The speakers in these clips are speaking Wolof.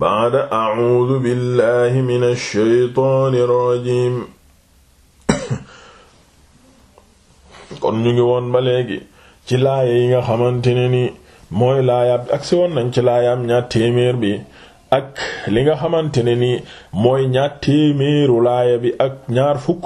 baada a'uudu billahi minash shaytaanir rajiim kon ñu ngi woon ba léegi ci laaya yi nga xamante ne ni mooy laayaab ak si woon nañ ci laayaab ñaar téeméer bi ak li nga xamante ne ni mooy ñaar téeméeru laaya bi ak ñaar fukk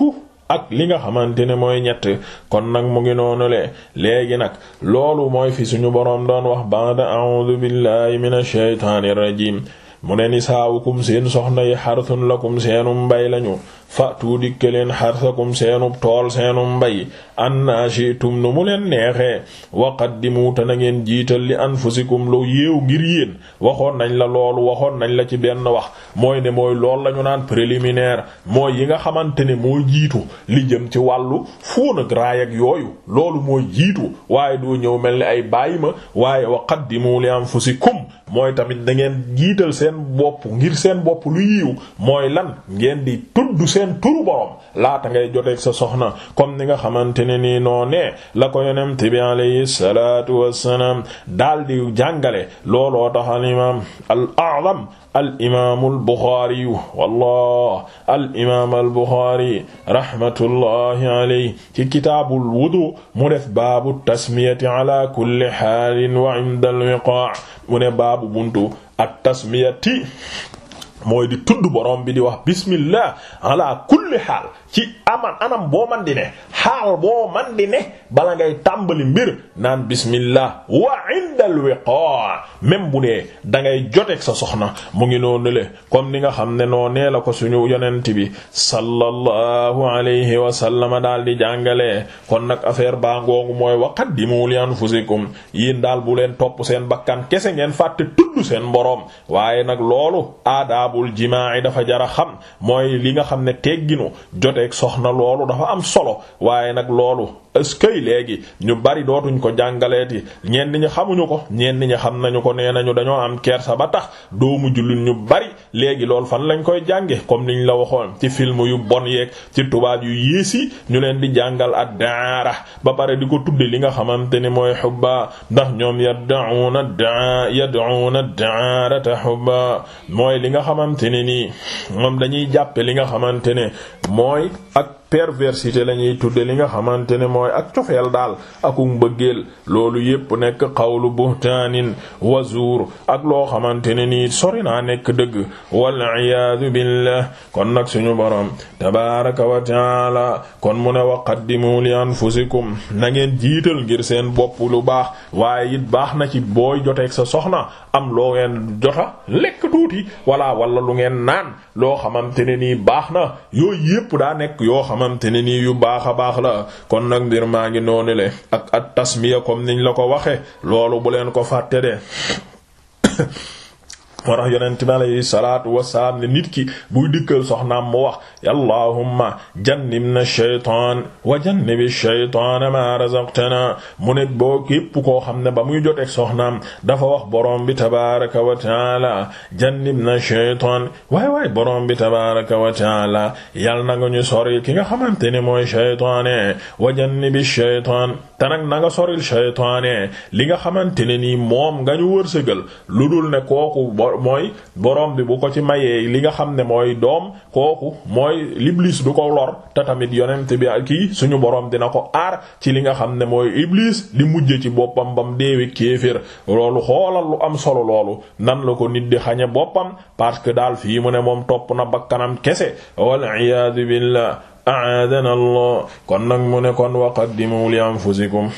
ak li nga xamante ne mooy ñett kon nag mu ngi noonu le léegi nag loolu mooy fi suñu boroom doon wax ba'da a'udhu billahi minash shaytaanir rajiim mu ne nisaawukum seen soxna yi xarsun lakum seenum mbay lañu fatu dikke leen xarsakum seenub tool seenum mbay anna shi'tum nu mu leen neexee wa qaddimu te na ngeen jiital li anfusikum lu yéew ngir yéen waxoon nañ la loolu waxoon nañ la ci benn wax mooy ne mooy lool lañu naan préliminaire mooy yi nga xamante ne mooy jiitu li jëm ci wàllu fóon ak raay yooyu loolu mooy jiitu waaye doo ñëw mel ni ay bàyyi ma waaye wa qaddimu li anfusikum mooy tamit da jiital seen bopp ngir seen bopp lu yiw mboolem turu borom laata ngay joteeg sa soxna comme ni nga xamante ne nii noo ne la ko yonent bi alayhi salaatu wassalaam daal di jàngale looloo tax al imaam al a'zam al imaam al buxaari wallah al imaam al buxaari rahmatullahi alayhi ci kitaabul wudu mu def baabu tasmiyati ala kulli haalin wa inda al wiqaa' mu ne baabu buntu at tasmiyati mooy di tudd boroom bi di wax bismillah ala kulli xaal ci aman anam boo man di ne xaal boo man di ne bala ngay tàmbali mbir naan bismillah wa inda al wiqa même bu dee dangay ngay sa soxna mu ngi noonu le comme ni nga xam ne noo nee la ko suñu yonent bi sallallahu alayhi wa sallam daal di jàngale kon nag affaire baa ngoongu mooy waqaddimu li anfusikum yéen daal buleen leen topp seen bakkan kese ngeen fàtte tudd seen borom waaye nag loolu aada aadaabul jimaa dafa jara xam mooy li nga xam ne tegginu joteeg soxna loolu dafa am solo waaye nag loolu eskey léegi ñu bari dootuñ ko jàngaleeti ñenn ñi xamuñu ko ñenn ñi xam nañu ko nee nañu dañoo am kersa ba tax doomu jullit ñu bari léegi lool fan lañ koy jànge comme niñ la waxoon ci film yu bon yeeg ci tubaab yu yées yi ñu leen di jàngal ad-daara ba pare di ko tudde li nga xamante ni mooy xubba ndax ñoom ya ad-da'a yad'una ad-daarata xubba mooy li nga xamante ne nii moom dañuy jàppe li nga xamante ne mooy ak perversité la ñuy tudde li nga xamante ne mooy ak cofeel daal akum bëggeel loolu yépp nekk xawlu buhtaanin wazuur ak loo xamante ne nii sori naa nekk dëgg wal kon nag suñu borom tabaaraka wa taala kon mu ne wa qaddimu li anfusikum na ngeen jiital ngir seen bopp lu baax waaye it baax na ci booy joteeg sa soxna am loo ngeen jota lekk tuuti walla walla lu ngeen naan loo xamante ne nii baax na yooyu yépp daa nekk yoo xam xamante ne nii yu baax a baax la kon nag mbir maa ngi noonu le ak at tasmiya comme niñ la ko waxe loolu bu leen ko fàtte de moo tax yonent bi alayhi salaatu wasalaam ne nit ki buy dikkal soxnaam mu wax allahumma jannibna shaytaan wa jannibi shaytaana ma razaqtana mu ne koo xam ne ba muy joteeg soxnaam dafa wax borom bi tabaaraka wa taala jannibna shaytaan waay waay borom bi tabaaraka wa taala yal na nga ñu soril ki nga xamante ne mooy shaytaane wa jannibi shaytaan te nag na nga soril shaytaane li nga xamante ne nii moom nga ñu wërsëgal lu dul ne kooku mooy boroom bi bu ko ci mayee li nga xam ne mooy doom kooku mooy l'iblis du ko lor te tamit yonent bi ak kii suñu borom dina ko aar ci li nga xam ne mooy iblis li mujje ci boppam bam deewe kéefér loolu xoolal lu am solo loolu nan la ko nit di xañe boppam parce que daal fii mu ne moom topp na bakkanam kese wala iyaadu billah aadana kon nag mu ne kon waqaddimu li anfusikum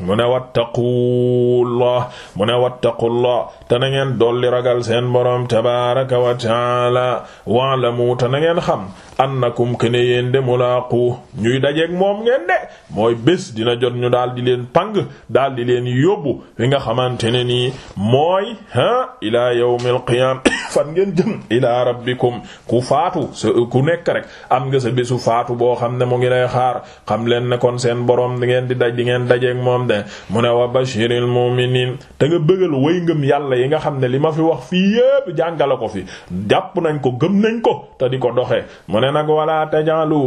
mu ne wattaqullah mu ne wattaqullah te na ngeen dolli ragal seen borom tabaraka wa taala wa'lamu te na ngeen xam annakum kene yéen de mulaqu dajeek moom ngeen de mooy bés dina jot ñu daal di leen pang daal di leen yóbbu fi nga xamante ne nii mooy ha ila yawmil qiyam fan ngeen jëm ilaa rabbikum ku faatu sa ku nekk rek am nga sa bésu faatu boo xam ne mu ngi lay xaar xam leen ne kon seen boroom di ngeen di daj di ngeen dajeek moom de mu ne wa bashiril mu'minin te nga bëggal way ngëm yàlla yi nga xam ne li ma fi wax fii yépp jàngale ko fi jàpp nañ ko gëm nañ ko te di ko doxe mu ne nag wala tajalu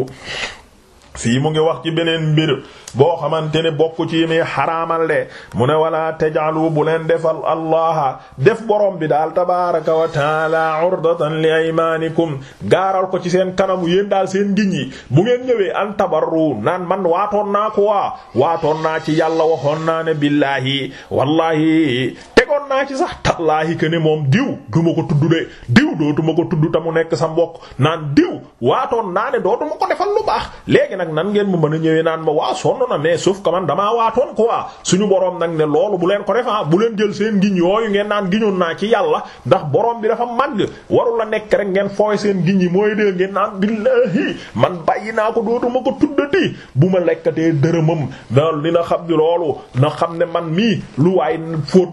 fii mu ngi wax ci beneen mbir boo xamante ne bokk ci yi muy xaraamal de mu ne wala tajaalu bu leen defal allaha def borom bi daal tabaraka wa taala urdatan li aymanikum gaaral ko ci seen kanamu yéen daal seen ngiñ mu bu ngeen ñëwee an tabarru naan man waatoon naa naa ci yàlla waxoon naa ne billahi wallahi waxoon naa ci sax tallaahi que ne moom diw du ko tudd de diw dootuma ko tudd te mu nekk sa mbokk naan diw waatoon naa ne dootuma ko defal lu baax léegi nag nan ngeen mu mën a ñëwee naan ma waa sonn na mais sauf que man damaa waatoon quoi suñu borom nag ne loolu bu leen ko defaa ah, bu leen jël seen giñ yooyu ngeen naan giñoon naa ci yàlla ndax borom bi dafa màgg waru la nekk rek ngeen fooy seen giñ yi mooy dee ngeen naan billaahi man bàyyi naa ko dootuma ko tuddati bu ma lekkatee dërëmam daal dina xam ni loolu na xam ne man mii lu waay fóot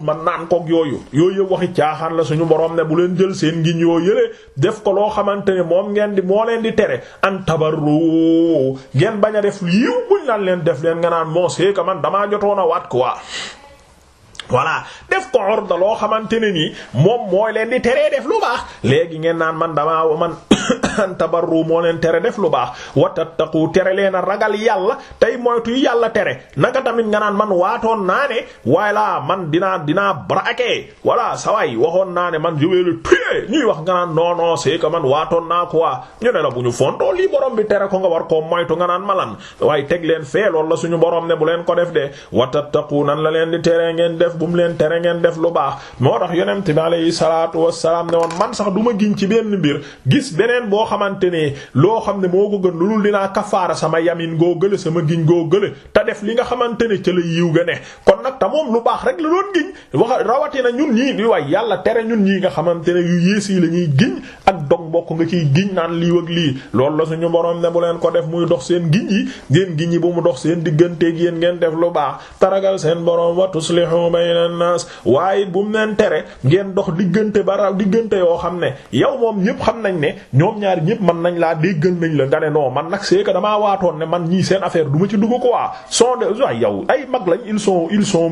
roog yooyu yooyu yëpp waxi caaxaan la suñu borom ne bu leen jël seen ngiñ yoo yëlee def ko loo xamante ne moom ngeen di moo leen di tere an tabar tabarru ngeen bañ a def yiw buñ lan leen def leen nga naan moo seeka man damaa jotoon a waat ko waa voilà def ko orda loo xamante ne nii moom mooy leen di teree def lu baax léegi ngeen naan man damaa man tabarru moo leen tere def lu baax wa tattaqu tere leen a ragal yàlla tey moytu yàlla tere naka tamit nga naan man waatoon naa ne waaye laa man dinaa dinaa braquer voilà sa waay waxoon naa ne man je vais ñuy wax nga naan non non man waatoon naa quoi ñu ne la bu ñu fontoo lii borom bi tere ko nga war koo moytu nga naan malan waaye teg leen fee loolu la suñu borom ne bu leen ko def de watattaqu nan la leen di tere ngeen def bu mu leen tere ngeen def lu baax moo tax yonent bi alayhi salaatu wassalaam ne woon man sax duma ma giñ ci benn mbir gis beneen boo xamante ne loo xam ne moo ko gën lu dul dinaa kafaara sama yamin goo gële sama giñ goo gële te def li nga xamante ne ca la yiw ga da moom lu baax rek la doon giñ wax rawatina ñun ñii di waay yàlla tere ñun ñii nga xamante ne yu yées yi la ñuy giñ ak dog mbokk nga ciy giñ naan lii ak lii loolu la suñu borom ne bu leen ko def muy dox seen giñ yi ngeen giñ bu mu dox seen digganteeg yéen ngeen def lu baax taragal seen borom wa tuslihu bayna nas waaye bu mu leen tere ngeen dox diggante ba raw diggante yoo xam ne yow moom ñëpp xam nañ ne ñoom ñaar ñëpp mën nañ laa déggal nañ la nga ne non man nag c'est damaa waatoon ne man ñii seen affaire du ma ci dugg quoi son de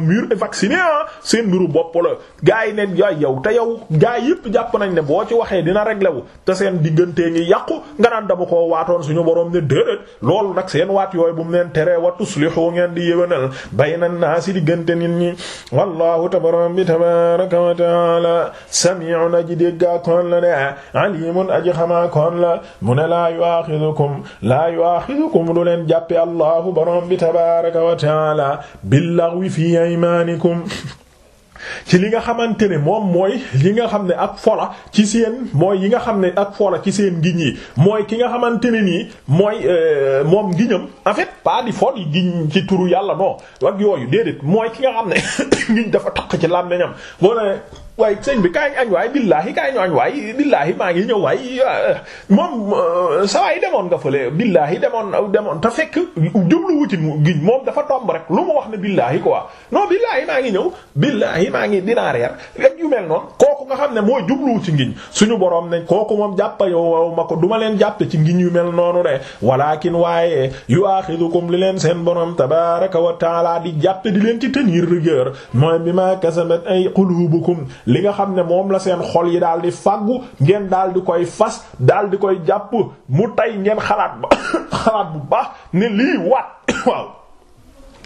mûr et vacciné ah seen mbiru bopp la gars yi ne yaay yow te yow gars yëpp jàpp nañ ne boo ci waxee dina réglé wu te seen diggantee ngi yàqu nga naan dama koo waatoon suñu borom ne déedéet loolu nag seen waat yooy bu mu leen teree wa tuslihu ngeen di yéwénal bayna naasi diggante nit ñi wallahu tabaram bi tabaraka wa taala sami'un aji déggaa koon la de alimun aji xamaa koon la mu ne laa yuaxidukum laa yuaxidukum du leen jàppe allahu borom bi tabaraka wa taala billaghwi fi aymaanikum ci li nga xamante ne moom mooy li nga xam ne ak fola ci seen mooy yi nga xam ne ak fola ci seen ngiñ yi mooy ki nga xamante ne nii mooy euh, moom ngiñam en fait pas di fol yi ngiñ ci turu yàlla non ak yooyu déedéet mooy ki nga xam ne ngiñ dafa takk ci làmmiñam waaye sëñ bi kaa kaay añ waay billaahi kaay ñu añ waay billaahi maa ngi ñëw waay moom saa waay demoon nga fële billaahi demoon demoon ta fekk jubluwu ci giñ moom dafa tomb rek lu mu wax ne billaahi quoi non billaahi maa ngi ñëw billaahi maa ngi dinaa reer ak yu mel noonu. nga xam ne mooy jubluwu ci ngin suñu boroom ne kooku moom jàppa yow ma ko duma leen jàppe ci ngin yu mel noonu de walakin waaye yu aaxidukum li leen seen borom tabaaraka wa taala di jàppe di leen ci tenir rigueur mooy bi ma kasabat ay qulubukum li nga xam ne moom la seen xol yi daal di fàggu ngeen daal di koy fas daal di koy jàpp mu tey ngeen xalaat ba xalaat bu baax ne lii waat waaw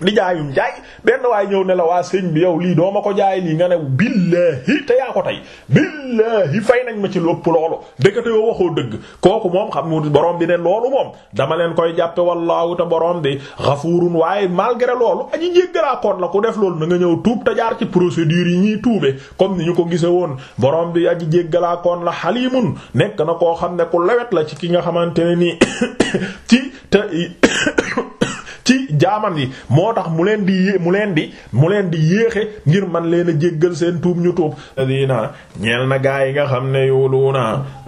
di jaayum jaay benn waaye ñëw ne la waa sëñ bi yow lii doo ma ko jaay lii nga ne billahi te yaa ko tey billahi fay nañ ma ci lépp loolu dëkkate yoo waxoo dëgg kooku moom xam mu borom bi ne loolu moom dama leen koy jàppe wallaahu te borom bi xafuurun waaye malgré loolu aji jéggalaakoon la ku def loolu na ñëw tuub te jaar ci procédure yi ñuy tuube comme ni ñu ko gise woon borom bi aji jéggalaakoon la xalimun nekk na koo xam ne ku lewet la ci ki nga xamante ne nii te jaamam yi moo tax mu leen di mu leen di mu leen di yéexe ngir man leen a jéggal seen tuub ñu tuub dina ñeel na gaa yi nga xam ne yuluuna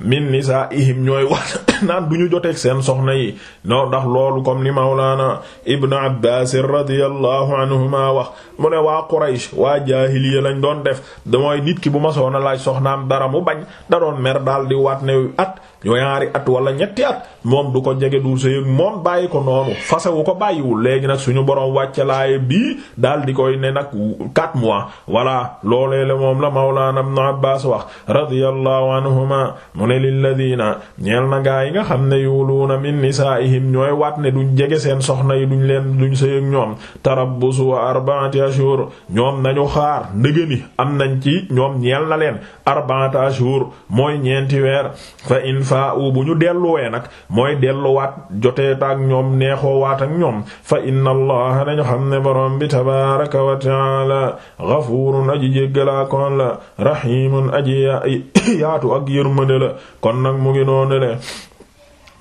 min nisaa'ihim ñooy wax naan du ñu joteeg seen soxna yi non ndax loolu comme li mawlaana ibnu abbaas radiyallahu anhuma wax mu ne waa quraysh waa jaahiliya lañ doon def damooy nit ki bu ma soona laaj soxnaam dara mu bañ da doon mer daal di waat ne at ñaari at wala ñetti at moom du ko jege du sëy moom bàyyi ko noonu fasawu ko bàyyiwul léegi nag suñu borom wàcce laay bii daal di koy ne nag quatre mois voilà loolee la moom la Mawlaana Ibn Abbaas wax radiyallahu anhuma mu ne lilladina ñeel na gaa yi nga xam ne yuuluuna min nisaa'ihim ñooy waat ne duñ jege seen soxna yi duñu leen duñ sëy ak ñoom tarabbusu arba'ati ashhur ñoom nañu xaar ndëgëni am nañ ci ñoom ñeel na leen arba'ati ashhur mooy ñeenti fa u ñu delluwee nag mooy delluwaat jotee ak ñoom neexoo waat ak ñoom fa inna allaha nañu xam ne borom bi aji jéggalaakoon la rahimun aji yaatu ak yërmande kon nag mu ngi noonu le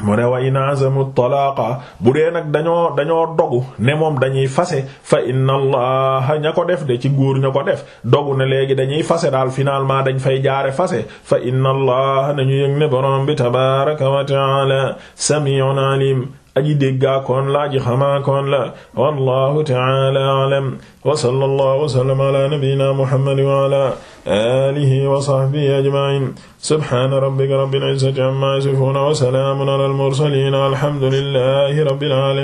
mu ne wa in azamu talaaqa bu dee nag dañoo dañoo dogu ne moom dañuy fase fa inna allah ña ko def de ci góor ña ko def dogu ne léegi dañuy fase daal finalement dañ fay jaare fase fa inna allah nañu yëg ne borom bi tabaraka wa taala samiun alim aji déggaa koon la aji xamaa koon la wallahu ta'ala a'lam wa sallallahu wa sallama ala nabiyyina muhammad wa ala alihi wa sahbihi ajma'in subhana rabbika rabbil izzati amma yasifun wa salamun ala al mursalin alhamdulillahi rabbil alamin